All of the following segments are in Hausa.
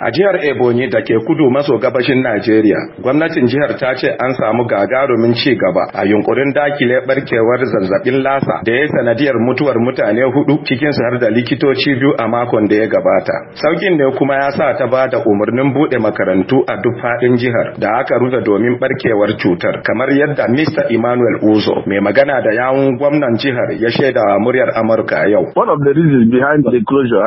A jihar Ebonyi da ke kudu maso gabashin Najeriya, gwamnatin jihar ta ce an samu gagarumin ci gaba a yunkurin dakile barkewar zazzabin lasa da ya sanadiyar mutuwar mutane hudu cikin su har da likitoci biyu a makon da ya gabata. Saukin ne kuma ya sa ta ba da umarnin bude makarantu a duk faɗin jihar da aka rufe domin barkewar cutar, kamar yadda Mr. Emmanuel Uzo mai magana da yawun gwamnan jihar ya shaida muryar Amurka yau. One of the reasons behind the closure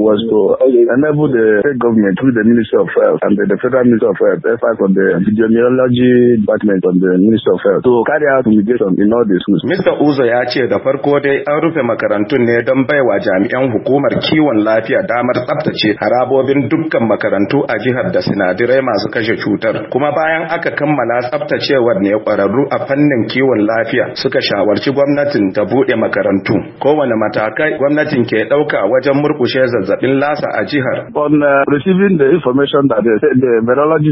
was to enable the state government Department through the Ministry of Health and the, the Federal Ministry of Health, effort on the Epidemiology Department on the Ministry of Health to carry out mitigation in all the schools. Mr. Uzo ya ce da farko dai an rufe makarantun ne don baiwa jami'an hukumar kiwon lafiya damar tsabtace harabobin dukkan makarantu a jihar da sinadirai masu kashe cutar. Kuma bayan aka kammala tsabtacewar ne kwararru a fannin kiwon lafiya suka shawarci gwamnatin ta bude makarantu. Kowane matakai gwamnatin ke ɗauka wajen murkushe zazzabin lasa a jihar. On uh, Even the information that the, the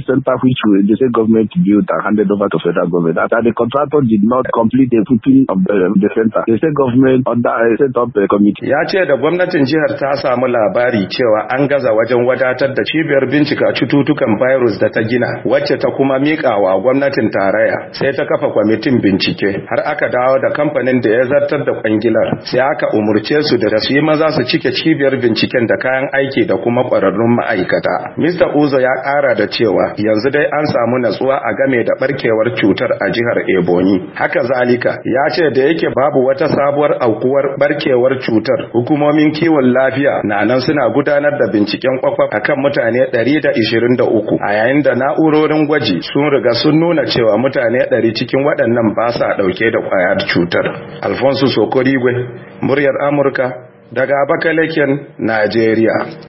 center, which the state government built and handed over to federal government, that the contractor did not complete the putting of the, um, the center, the state government under, uh, set up a committee. Ya ce da gwamnatin jihar ta samu labari cewa an gaza wajen wadatar da cibiyar bincika cututtukan virus da ta gina, wacce ta kuma miƙawa gwamnatin tarayya, sai ta kafa kwamitin bincike, har aka dawo da kamfanin da ya zartar da kwangilar, sai aka umurce su da su yi maza su cike cibiyar binciken da kayan aiki da kuma ƙwararrun ma'aikata. ma'aikata. Mr. Uzo ya kara da cewa yanzu dai an samu natsuwa a game da barkewar cutar a jihar Ebonyi. Haka zalika ya ce da yake babu wata sabuwar aukuwar barkewar cutar hukumomin kiwon lafiya na nan suna gudanar da binciken kwakwaf a kan mutane 123 a yayin da na'urorin gwaji sun riga sun nuna cewa mutane 100 cikin waɗannan ba sa ɗauke da kwayar cutar. Alfonso Sokorigwe, muryar Amurka daga Abakalekin, Najeriya.